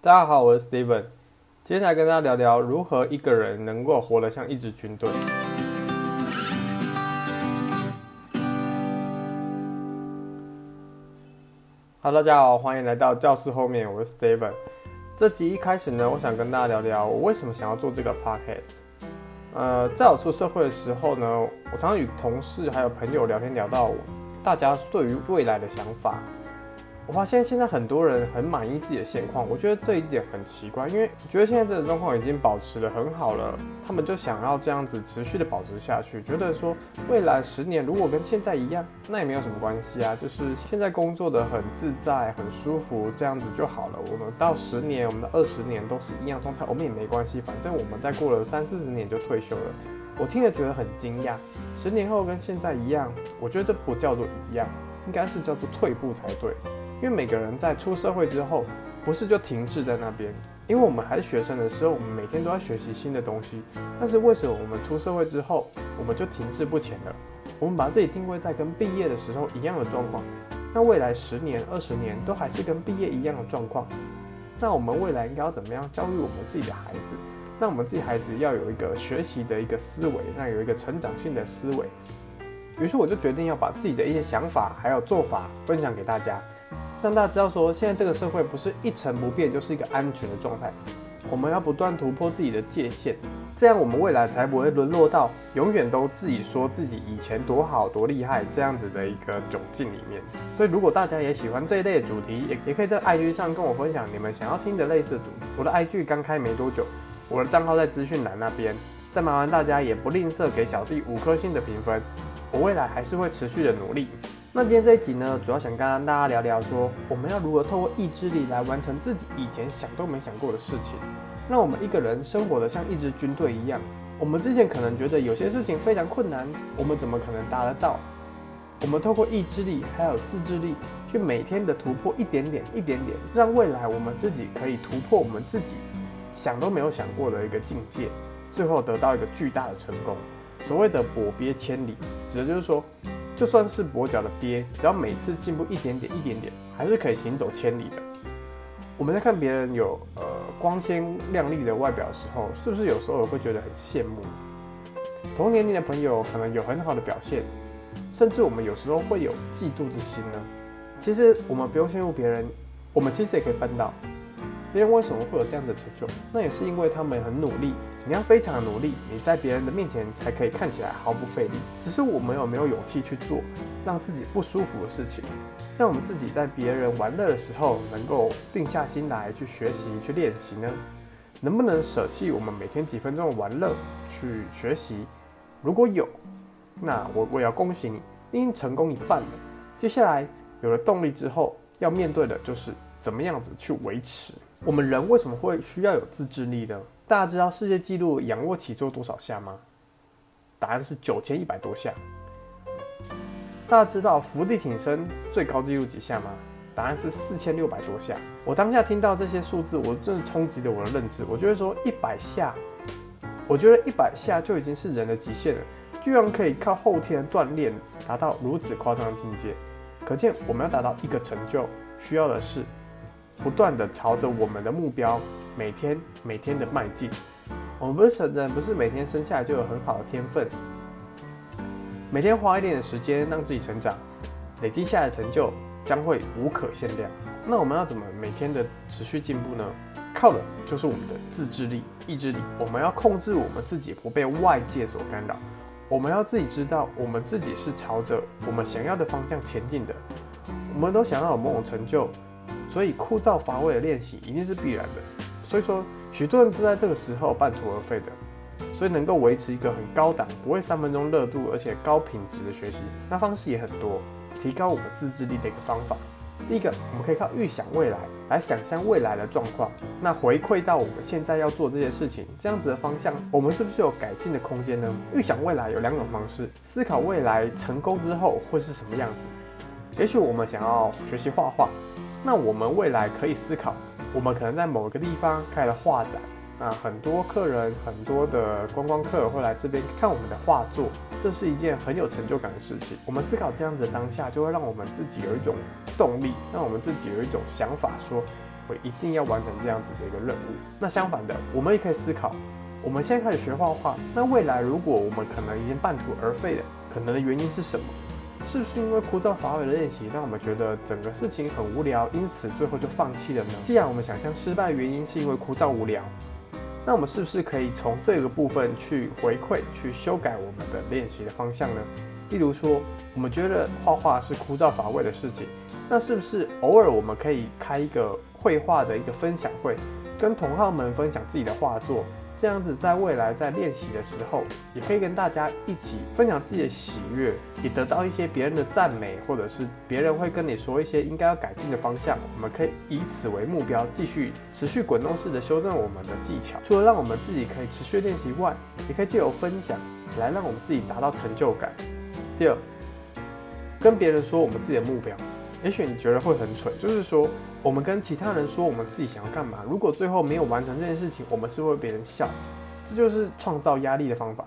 大家好，我是 Steven，今天來跟大家聊聊如何一個人能夠活得像一支軍隊。 Hello, 大家好，歡迎來到教室後面，我是 Steven。這集一開始呢，我想跟大家聊聊我為什麼想要做這個 Podcast。呃，在我出社會的時候呢，我常常與同事還有朋友聊天，聊到我大家對於未來的想法。我發現現在很多人很滿意自己的現況，我覺得這一點很奇怪，因為覺得現在這種狀況已經保持得很好了，他們就想要這樣子持續的保持下去，覺得說未來十年如果跟現在一樣，那也沒有什麼關係啊，就是現在工作的很自在、很舒服，這樣子就好了。我們到十年、我們的二十年都是一樣狀態，我們也沒關係，反正我們再過了三四十年就退休了。我聽着覺得很驚訝，十年後跟現在一樣，我覺得這不叫做一樣，應該是叫做退步才對。因為每個人在出社會之後，不是就停滯在那邊。因為我們還是學生的時候，我們每天都要學習新的東西。但是為什麼我們出社會之後，我們就停滯不前了？我們把自己定位在跟畢業的時候一樣的狀況。那未來十年、二十年都還是跟畢業一樣的狀況。那我們未來應該要怎麼樣教育我們自己的孩子？那我們自己孩子要有一個學習的一個思維，那有一個成長性的思維。於是我就決定要把自己的一些想法還有做法分享給大家。但大家知道說，現在這個社會不是一成不變，就是一個安全的狀態。我們要不斷突破自己的界限，這樣我們未來才不會淪落到永遠都自己說自己以前多好多厲害這樣子的一個窘境裡面。所以，如果大家也喜歡這一類的主題，也也可以在 IG 上跟我分享你們想要聽的類似的主題。我的 IG 剛開沒多久，我的賬號在資訊欄那邊。再麻煩大家也不吝嗇給小弟五顆星的評分，我未來還是會持續的努力。那今天這一集呢，主要想跟大家聊聊說，說我們要如何透過意志力來完成自己以前想都沒想過的事情，讓我們一個人生活得像一支軍隊一樣。我們之前可能覺得有些事情非常困難，我們怎麼可能達得到？我們透過意志力還有自制力，去每天的突破一點點、一點點，讓未來我們自己可以突破我們自己想都沒有想過的一個境界，最後得到一個巨大的成功。所謂的“跛鱉千里”，指的就是說。就算是跛腳的鱉，只要每次進步一點點、一點點，還是可以行走千里的。我們在看別人有呃光鮮亮麗的外表的時候，是不是有時候有會覺得很羨慕？同年齡的朋友可能有很好的表現，甚至我們有時候會有嫉妒之心呢。其實我們不用羨慕別人，我們其實也可以辦到。別人為什麼會有這樣子的成就？那也是因為他們很努力。你要非常努力，你在別人的面前才可以看起來毫不費力。只是我們有沒有勇氣去做讓自己不舒服的事情？讓我們自己在別人玩樂的時候，能夠定下心來去學習、去練習呢？能不能舍棄我們每天幾分鐘的玩樂去學習？如果有，那我我也要恭喜你，你已經成功一半了。接下來有了動力之後，要面對的就是怎麼樣子去維持。我們人為什麼會需要有自制力呢？大家知道世界紀錄仰臥起坐多少下嗎？答案是九千一百多下。大家知道伏地挺身最高紀錄幾下嗎？答案是四千六百多下。我當下聽到這些數字，我真的衝擊着我的認知。我就會說一百下，我覺得一百下就已經是人的極限了。居然可以靠後天鍛煉達到如此誇張的境界，可見我們要達到一個成就，需要的是。不斷地朝着我們的目標，每天每天的邁進。我們不是神人，不是每天生下來就有很好的天分。每天花一點的時間讓自己成長，累積下來的成就將會無可限量。那我們要怎麼每天的持續進步呢？靠的就是我們的自制力、意志力。我們要控制我們自己，不被外界所干擾。我們要自己知道，我們自己是朝着我們想要的方向前進的。我們都想要有某種成就。所以枯燥乏味的練習一定是必然的，所以說許多人都在這個時候半途而廢的。所以能夠維持一個很高檔、不會三分鐘熱度，而且高品質的學習，那方式也很多。提高我們自制力的一個方法，第一個我們可以靠預想未來來想象未來的狀況，那回饋到我們現在要做這些事情，這樣子的方向，我們是不是有改進的空間呢？預想未來有兩種方式，思考未來成功之後會是什麼樣子。也許我們想要學習畫畫。那我們未來可以思考，我們可能在某一個地方開了畫展，那很多客人、很多的觀光客會來這邊看我們的畫作，這是一件很有成就感的事情。我們思考這樣子的當下，就會讓我們自己有一種動力，讓我們自己有一種想法說，說我一定要完成這樣子的一個任務。那相反的，我們也可以思考，我們現在開始學畫畫，那未來如果我們可能已經半途而廢了，可能的原因是什麼？是不是因為枯燥乏味的練習，讓我們覺得整個事情很無聊，因此最後就放棄了呢？既然我們想象失敗原因是因為枯燥無聊，那我們是不是可以從這個部分去回饋、去修改我們的練習的方向呢？例如說，我們覺得畫畫是枯燥乏味的事情，那是不是偶爾我們可以開一個繪畫的一個分享會，跟同好們分享自己的畫作？這樣子，在未來在練習的時候，也可以跟大家一起分享自己的喜悅，也得到一些別人的讚美，或者是別人會跟你說一些應該要改進的方向。我們可以以此為目標，繼續持續滾動式的修正我們的技巧。除了讓我們自己可以持續練習外，也可以借由分享來讓我們自己達到成就感。第二，跟別人說我們自己的目標。也許你覺得會很蠢，就是說，我們跟其他人說我們自己想要幹嘛，如果最後沒有完成這件事情，我們是，是會被別人笑，這就是創造壓力的方法。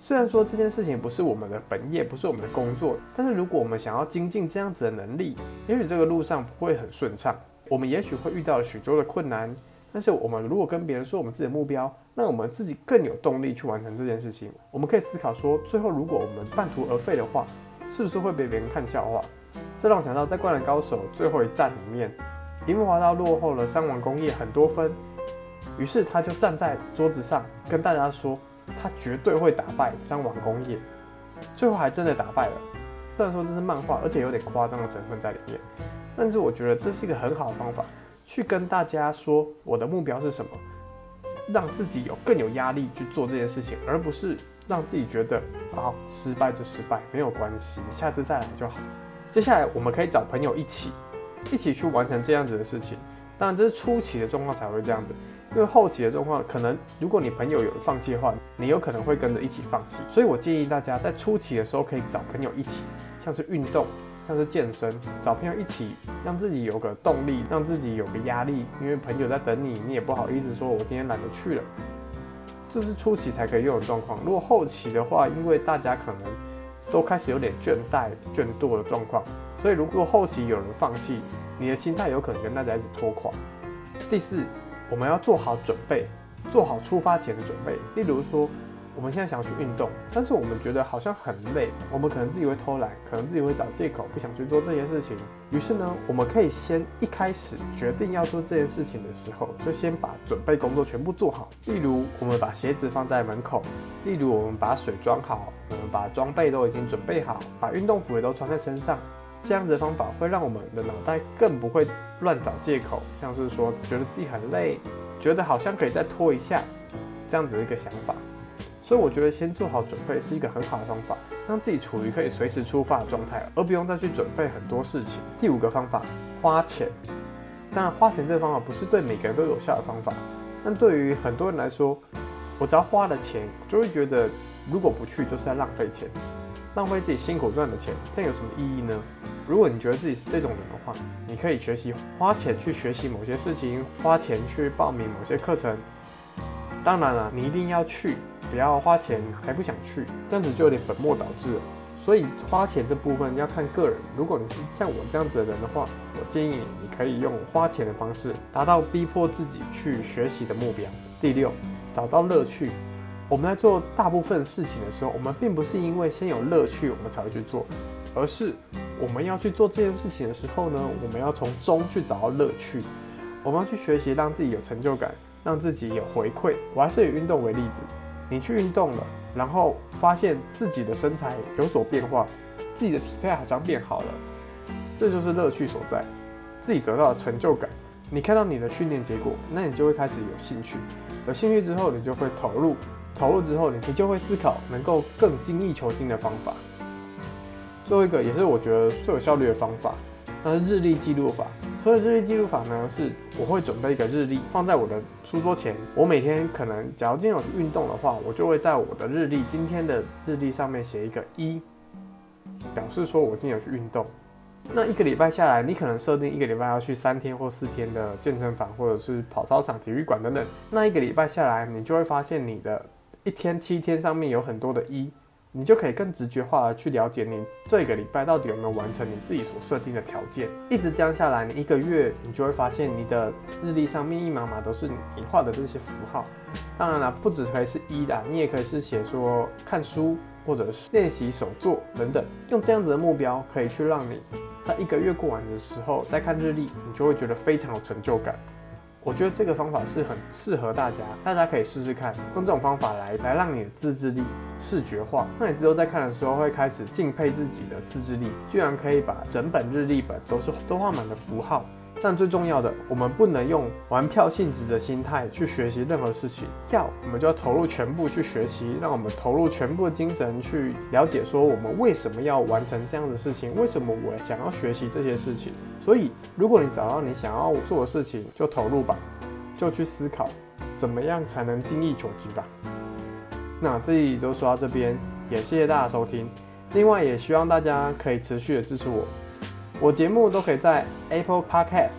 雖然說這件事情不是我們的本業，不是我們的工作，但是如果我們想要精進這樣子的能力，也許這個路上不會很順暢，我們也許會遇到許多的困難，但是我們如果跟別人說我們自己的目標，那我們自己更有動力去完成這件事情。我們可以思考說，最後如果我們半途而廢的話，是不是會被別人看笑話？這讓我想到，在《灌籃高手》最後一戰裡面，櫻木花道落後了山王工業很多分，於是他就站在桌子上跟大家說：“他絕對會打敗山王工業。”最後還真的打敗了。雖然說這是漫畫，而且有點誇張的成分在裡面，但是我覺得這是一個很好的方法，去跟大家說我的目標是什麼，讓自己有更有壓力去做這件事情，而不是讓自己覺得好、哦、失敗就失敗，沒有關係，下次再來就好。接下來我們可以找朋友一起，一起去完成這樣子的事情。當然這是初期的狀況才會這樣子，因為後期的狀況可能，如果你朋友有放棄的話，你有可能會跟着一起放棄。所以我建議大家在初期的時候可以找朋友一起，像是運動，像是健身，找朋友一起，讓自己有個動力，讓自己有個壓力，因為朋友在等你，你也不好意思說我今天懶得去了。這是初期才可以用的狀況。如果後期的話，因為大家可能。都開始有點倦怠、倦惰的狀況，所以如果後期有人放棄，你的心態有可能跟大家一起拖垮。第四，我們要做好準備，做好出發前的準備，例如說。我們現在想要去運動，但是我們覺得好像很累，我們可能自己會偷懶，可能自己會找借口不想去做這件事情。於是呢，我們可以先一開始決定要做這件事情的時候，就先把準備工作全部做好。例如，我們把鞋子放在門口，例如我們把水裝好，我們把裝備都已經準備好，把運動服也都穿在身上。這樣子的方法會讓我們的腦袋更不會亂找借口，像是說覺得自己很累，覺得好像可以再拖一下，這樣子的一個想法。所以我覺得先做好準備是一個很好的方法，讓自己處於可以隨時出發的狀態，而不用再去準備很多事情。第五個方法，花錢。當然，花錢這個方法不是對每個人都有效的方法。但對於很多人來說，我只要花了錢，就會覺得如果不去就是在浪費錢，浪費自己辛苦賺的錢，這有什麼意義呢？如果你覺得自己是這種人的話，你可以學習花錢去學習某些事情，花錢去報名某些課程。當然了啊，你一定要去。不要花錢還不想去，這樣子就有點本末倒置了。所以花錢這部分要看個人。如果你是像我這樣子的人的話，我建議你可以用花錢的方式達到逼迫自己去學習的目標。第六，找到樂趣。我們在做大部分事情的時候，我們並不是因為先有樂趣我們才會去做，而是我們要去做這件事情的時候呢，我們要從中去找到樂趣。我們要去學習讓自己有成就感，讓自己有回饋。我還是以運動為例子。你去運動了，然後發現自己的身材有所變化，自己的體態好像變好了，這就是樂趣所在，自己得到成就感。你看到你的訓練結果，那你就會開始有興趣，有興趣之後你就會投入，投入之後你你就會思考能夠更精益求精的方法。最後一個也是我覺得最有效率的方法。那是日曆記錄法，所以日曆記錄法呢，是我會準備一個日曆放在我的書桌前，我每天可能，假如今天有去運動的話，我就會在我的日曆今天的日曆上面寫一個一，表示說我今天有去運動。那一個禮拜下來，你可能設定一個禮拜要去三天或四天的健身房或者是跑操場、體育館等等，那一個禮拜下來，你就會發現你的一天七天上面有很多的一。你就可以更直覺化地去了解你這個禮拜到底有沒有完成你自己所設定的條件。一直降下來，你一個月你就會發現你的日曆上密密麻麻都是你畫的這些符號。當然了，不只可以是一的，你也可以是寫說看書或者是練習手作等等。用這樣子的目標，可以去讓你在一個月過完的時候再看日曆，你就會覺得非常有成就感。我覺得這個方法是很適合大家，大家可以試試看，用這種方法來來讓你的自制力視覺化，那你之後在看的時候會開始敬佩自己的自制力，居然可以把整本日曆本都是都畫滿了符號。但最重要的，我們不能用玩票性質的心態去學習任何事情。要我們就要投入全部去學習，讓我們投入全部的精神去了解，說我們為什麼要完成這樣的事情，為什麼我想要學習這些事情。所以，如果你找到你想要做的事情，就投入吧，就去思考，怎麼樣才能精益求精吧。那這裡就說到這邊，也謝謝大家收聽。另外，也希望大家可以持續的支持我。我節目都可以在 Apple Podcast、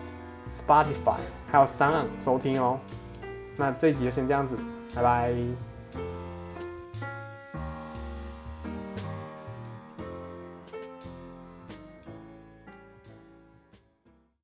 Spotify 還有 SoundOn 收聽哦、喔。那這一集就先這樣子，拜拜。